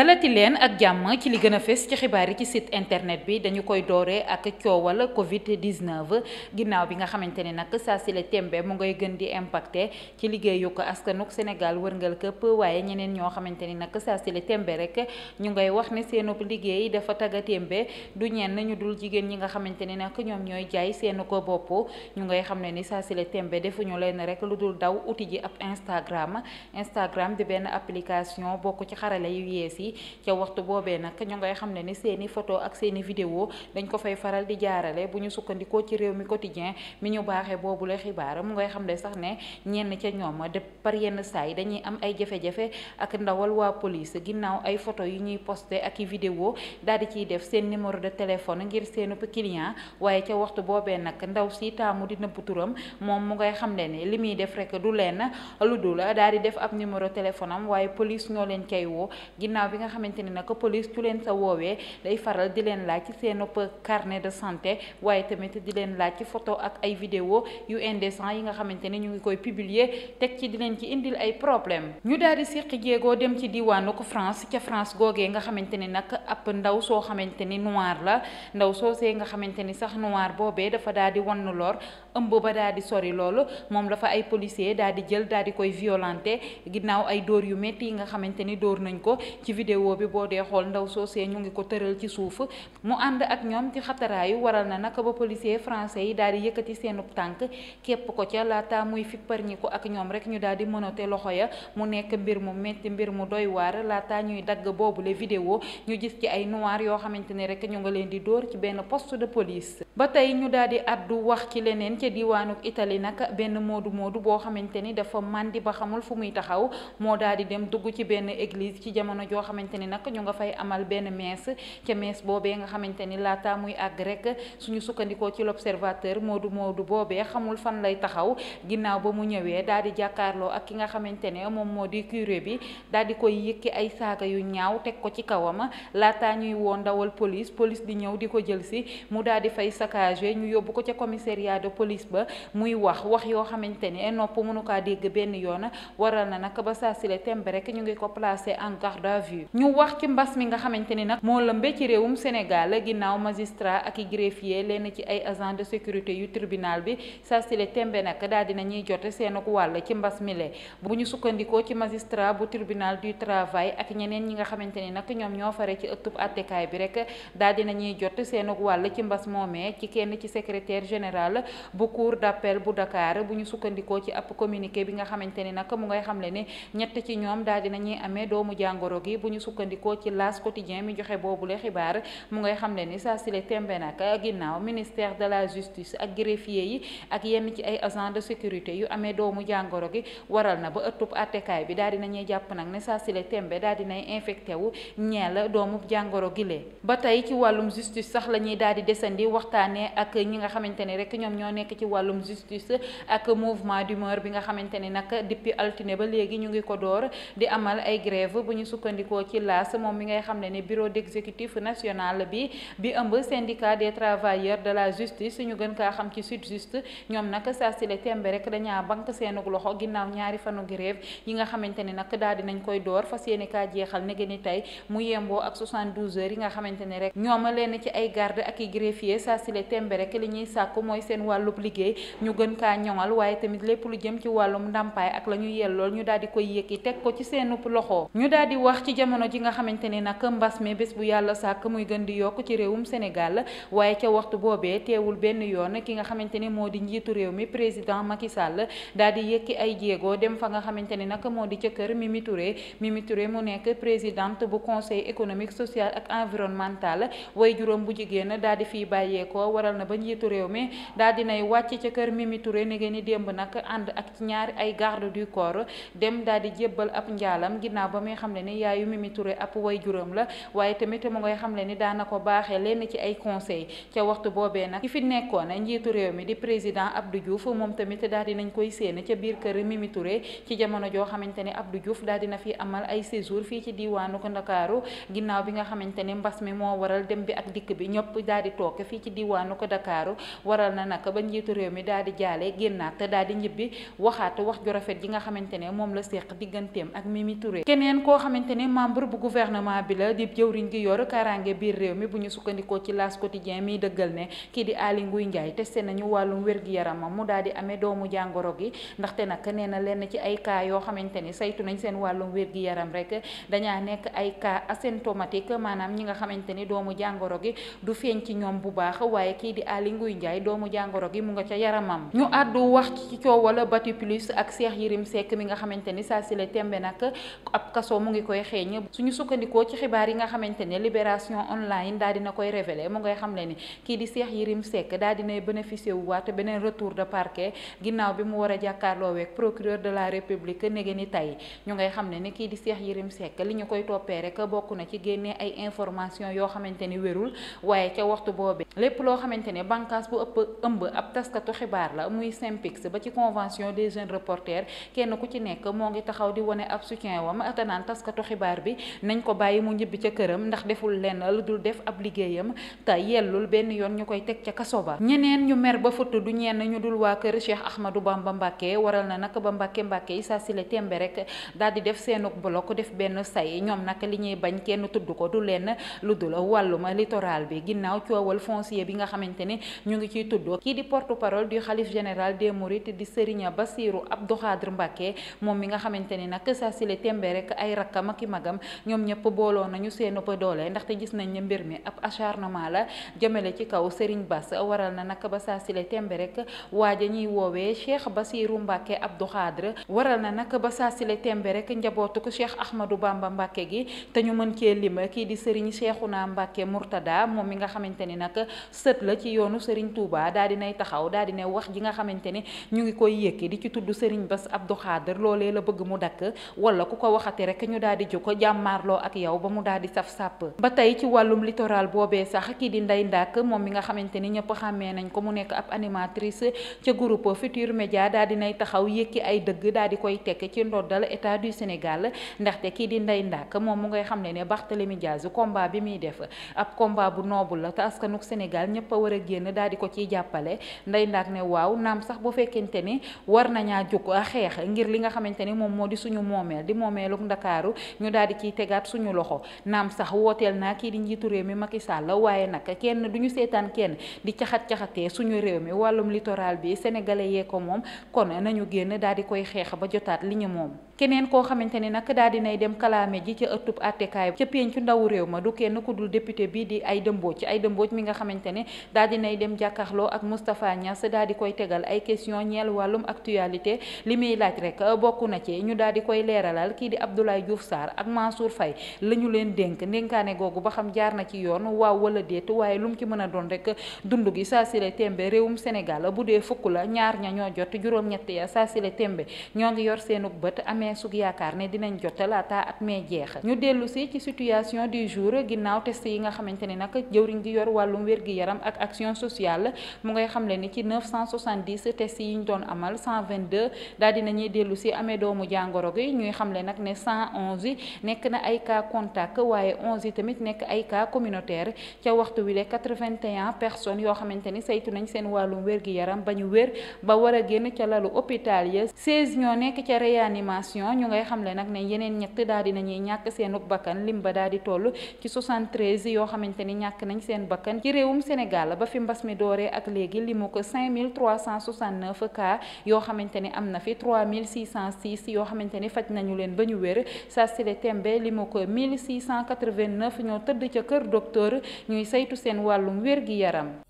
dalati leen ak jàmm ci li gën a fës ci xibaar yi ci site internet bi dañu koy dooree ak coowal Covid 19 ginnaaw bi nga xamante ne nag saa si la tembe mu ngay gën di impacter ci liggéeyu ko askanuk Sénégal wërngal këpp waaye ñeneen ñoo xamante ni nag saa si la tembe rek ñu ngay wax ne seenub liggéey dafa tagga tembe du ñenn ñu dul jigéen ñi nga xamante ni nag ñoom ñooy jaay seenu ko bopp ñu ngay xam ne ni saa si la tembe defuñu leen rek lu dul daw uti ji ab Instagram Instagram di benn application bokk ci xarala yu yees yi yi ca waxtu boobee nag ñu ngay xam ne ni seen i ak seen i dañ ko fay faral di jaarale bu ñu sukkandikoo ci réew mi quotidien mi ñu baaxee boobu la xibaar mu ngay xam ne sax ne ñenn ca ñoom de par yenn saa dañuy am ay jafe-jafe ak ndawal waa police ginnaaw ay foto yu ñuy posté ak i vidéo daal di ciy def seen numéro de téléphone ngir seenu client waaye ca waxtu boobee nag ndaw si taamu di nëbb turam moom mu ngay xam ne ni li muy def rek du leen lu ginnaaw bi nga xamante ni nag police su leen sa woowee day faral di leen laaj ci seen carnet de santé waaye tamit di leen laaj ci photo ak ay vidéo yu indécent yi nga xamante ni ñu ngi koy publier teg ci di leen ci indil ay problème ñu daal di seqi jéegoo dem ci diwaanu ko France ca France googee nga xamante ni nag ab ndaw soo xamante ni noir la ndaw soosee nga xamante ni sax noir boobee dafa daal di wann lor ëmb ba daal di sori loolu moom dafa ay policier daal di jël daal di koy violenté ginnaaw ay dóor yu métti yi nga xamante ni dóor nañ ko vidéo bi boo dee xool ndaw soosee ñu ngi ko tëral ci suuf mu ànd ak ñoom ci xataraayu waral na naka ba policier français yi daal di yëkkati seenu tànk képp ko ca laata muy fipparñi ko ak ñoom rek ñu daal di mënote loxo ya mu nekk mbir mu métti mbir mu doy waar laata ñuy dagg boobu la vidéo ñu gis ci ay noir yoo xamante ne rek ñu nga leen di dóor ci benn post de police ba tey ñu daal di addu wax ci leneen ca diwaanu Italie nag benn moodu moodu boo xamante ni dafa màndi ba xamul fu muy taxaw moo daal di dem dugg ci benn église ci jamono joo xamante ni nag ñu nga fay amal benn mees ca mees boobee nga xamante ni laata muy àgg rek suñu sukkandikoo ci l'observateur moodu moodu boobee xamul fan lay taxaw ginnaaw ba mu ñëwee daal di jàkkaarloo ak ki nga xamante ne moom moo di curé bi daal di koy yëkki ay saaga yu ñaaw teg ko ci kawam laata ñuy woo ndawal police police di ñëw di ko jël si mu daal di fay saccagé ñu yóbbu ko ca commissariat de police ba muy wax wax yoo xamante ne nopp mënu kaa benn yoon waral na nag ba saa tembe rek ñu ngi ko placé en garde à ñu wax ci mbas mi nga xamante ni nag moo lëmbee ci réewum Sénégal ginnaaw magistrat ak i greffier lenn ci ay agent de sécurité yu tribunal bi saa tembe nag daal dina ñuy jote seen wàll ci mbas mi bu ñu sukkandikoo ci magistrat bu tribunal du travail ak ñeneen ñi nga xamante ni nag ñoom ñoo fare ci ëttub attekaay bi rek daal dina ñuy jot seen wàll ci mbas moomee génnee ci kenn ci secrétaire général bu cour d'appel bu Dakar bu ñu sukkandikoo ci ab communiqué bi nga xamante ni nag mu ngay xamle ne ñett ci ñoom daal di nañuy amee doomu jàngoro gi bu ñu sukkandikoo ci L'As quotidien mi joxe boobule xibaar mu ngay xamle ni saa sile tembe nag ginnaaw ministère de la justice ak greffier yi ak yenn ci ay agent de sécurité yu amee doomu jàngoro gi waral na ba ëttub attekaay bi daal di nañuy jàpp nag ne saa tembe daal di nay infecté wu ñeel doomu jàngoro gi lee ba tey ci wàllum justice sax la ñuy desandi waxtaan waxtaanee ak ñi nga xamante rek ñoom ñoo nekk ci wàllum justice ak mouvement d'humeur bi nga xamante ne nag depuis altine ba ñu ngi ko door di amal ay grève bu ñu sukkandikoo ci laas moom mi ngay xam ne ne bi bi ëmb syndicat des travailleurs de la justice ñu gën kaa xam ci sud juste ñoom nag saa si le tembe rek dañaa bank seenug loxo ginnaaw ñaari fanu yi nga xamante ne nag daal dinañ koy door fas yéene kaa jeexal ne gën tey mu yemboo ak 72 heures yi nga xamante rek ñoom leen ci ay garde ak i greffier saa sile tembe rek li ñuy sàkku mooy seen wàllub liggéey ñu gën kaa ñoŋal waaye tamit lépp lu jëm ci wàllum ndàmpaay ak la ñu yellool ñu daal di koy yëkki teg ko ci seenu loxo ñu daal di wax ci jamono ji nga xamante ni nag mbas mi bés bu yàlla sàkk muy gën di yokk ci réewum Sénégal waaye ca waxtu boobee teewul benn yoon ki nga xamante ni moo di njiitu réew mi président Macky Sall daal di yëkki ay jéego dem fa nga xamante ni nag moo di ca kër Mimi Touré Mimi Touré mu nekk présidente bu conseil économique social ak environnemental ko waral na ba njiitu réew mi daal dinay wàcc ca kër Mimi Touré ni ngeen ni démb nag ànd ak ci ñaari ay garde du corps dem daal di jébbal ab njaalam ginnaaw ba muy xam ne ni yaayu Mimi Touré ab way juróom la waaye tamit mu ngay xam ne ni daana ko baaxee lenn ci ay conseil ca waxtu boobee nag ki fi nekkoon njiitu réew mi di président Abdou Diouf moom tamit daal dinañ koy séen ca biir kër Mimi ci jamono joo xamante ne Abdou Diouf daal dina fi amal ay séjour fii ci diwaanu ko Ndakaaru ginnaaw bi nga xamante ne mbas mi moo waral dem bi ak dikk bi ñëpp daal di toog fii ci diwaanu ko Dakaaru waral na nag ba njiitu réew mi daal di jaale génnaat daal di ñibbi waxaat wax ju rafet ji nga xamante ne moom la séq digganteem ak Mimi Touré keneen koo xamante ne membre bu gouvernement bi la di jëwriñ gi yor kaaraange biir réew mi bu ñu sukkandikoo ci L'As Quotidien miy dëggal ne kii di Aly Ngouille Ndiaye testé nañu wàllum wér-gi-yaramam mu daal di amee doomu jàngoro gi ndaxte nag nee na lenn ci ay cas yoo xamante ni saytu nañ seen wàllum wér-gi-yaram rek dañaa nekk ay cas asymptomatique maanaam ñi nga xamante ni doomu jàngoro gi du waaye kii di Aly Ngouille Ndiaye doomu jàngoro gi mu nga ca yaramam ñu àddu wax ci coowal Bati Plus ak Cheikh Yérim Seck mi nga xamante ni saa sile tembe nag ab kaso mu ngi koy xeeñ ñu sukkandikoo ci xibaar yi nga xamante ne Libération Online daal dina koy révélé mu ngay xam le ni kii di Cheikh Yérim Seck daal dinay bénéficié wu waat beneen retour de parquet ginnaaw bi mu war a jàkkaarlooweek procureur de la République nege ni tey ñu ngay xam ne ni kii di Cheikh Yérim sekk li ñu koy toppee rek bokk na ci génnee ay information yoo xamante ni wérul waaye ca waxtu boobee loo xamante ne bànqaas bu ëpp ëmb ab taskatu xibaar la muy SYNPICS ba ci convention des jeunes reporters kenn ku ci nekk moo ngi taxaw di wane ab soutien wam te naan taskatu xibaar bi nañ ko bàyyi mu ñibbi ca këram ndax deful lenn lu dul def ab liggéeyam te yellul benn yoon ñu koy teg ca kaso ba ñeneen ñu mer ba futt du ñenn ñu dul waa kër Cheikh Ahmadou ba Mbacké waral na nag ba Mbacké Mbacké yi saa sile tembe rek dal di def seenuk bloc def benn say ñoom nag li ñuy bañ kenn tudd ko du lenn lu dul wàllum littoral bi ginnaaw coowal foncier bi nga xamante ne ñu ngi ciy tudd di porte parole du xalif général des mourides di Serigne Bassirou Abdou moom mi nga xamante ne nag saa sile tembe rek ay rakkam ak i magam ñoom ñëpp booloo nañu seen ba doole ndaxte gis nañ ne mbir mi ab acharnement la jëmale ci kaw Serigne Bass waral na nag ba saa sile tembe rek waaja ñuy woowee Cheikh Bassirou Mbacké Abdou Khadre waral na nag ba saa sile ko Cheikh Ahmadou Bamba Mbacké gi te ñu mën cee lim kii di Serigne Cheikhouna Mbacké Mourtada moom mi nga xamante ni nag sët la ci yoonu Serigne Touba daa di nay taxaw daa di ne wax ji nga xamante ne ñu ngi koy yëkki di ci tudd Serigne Bass Abdou Khader loolee la bëgg mu dakk wala ku ko waxati rek ñu daal di joko jàmmaarloo ak yow ba mu daal di saf sàpp ba tey ci wàllum littoral boobee sax kii di ndey Ndack moom mi nga xamante ni ñëpp xàmmee nañ ko mu nekk ab animatrice ca groupe Futur Média daa nay taxaw yëkki ay dëgg daa koy tekk ci ndoddal état du Sénégal ndaxte kii di Ndeye Ndack moom mu ngay xam ne ne Barthélémy Diaz combat bi muy def ab combat bu noble la te askanuk ñëpp a war a génn daal di ko ciy jàppale nday ndaak ne waaw naam sax bu fekkente ni war nañaa jóg xeex ngir li nga xamante ni moom moo di suñu moomeel di moomeelu ndakaaru ñu daal di ciy tegaat suñu loxo naam sax wooteel naa kii di njiitu réew mi Macky Sall waaye nag kenn du ñu seetaan kenn di caxat-caxatee suñu réew mi wàllum littoral bi sénégalais yee ko moom kon nañu génn daal di koy xeex ba jotaat li ñu moom keneen koo xamante ni nag daal nay dem kalaame ji ci ca ëttub attekaay ca pencu ndawu réew ma du kenn ku dul député bi di Aïda Mbodj Aïda Mbodj mi nga xamante ne daal dinay dem jàkkaarloo ak Moustapha Niass daal di koy tegal ay question ñeel wàllum actualité li muy laaj rek euh, bokk na ci ñu daal di koy leeralaal kii di Abdoulaye Diouf saar ak Mansour fay la ñu leen dénk ndénkaane googu ba xam jaar na ci yoon waaw wala déet waaye lu mu ci mën a doon rek dund gi saa si la tembe réewum bu dee fukk la ñaar ña jot juróom-ñett si la ñoo ngi yor seenug weesug yaakaar ne dinañ jota laata at mee jeex ñu dellu si ci situation du jour ginnaaw test yi nga xamante ne nag jëwriñ gi yor wàllum wér gi yaram ak action sociale mu ngay xamle ni ci 970 test yi ñu doon amal 122 daal di dellu si amee doomu jàngoro gi ñuy xamle nag ne 111 yi nekk na ay cas contact waaye 11 yi tamit nekk ay cas communautaire ca waxtu wi le an personnes yoo xamante ni saytu nañ seen wàllum wér gi yaram ba ñu wér ba war a génn ca lalu hôpital ya 16 ñoo nekk ca réanimation ñoo ñu ngay xamle nag ne yeneen ñett daal di nañuy ñàkk seen bakkan lim ba daal di toll ci 73 yoo xamante ni ñàkk nañ seen bakkan ci réewum Sénégal ba fi mbas mi dooree ak léegi limu ko 5369 cas yoo xamante ni am na fi 3606 yoo xamante ni faj nañu leen ba ñu wér saa si le tembe limu ko 1689 ñoo tëdd ca kër docteur ñuy saytu seen wàllum wér gi yaram.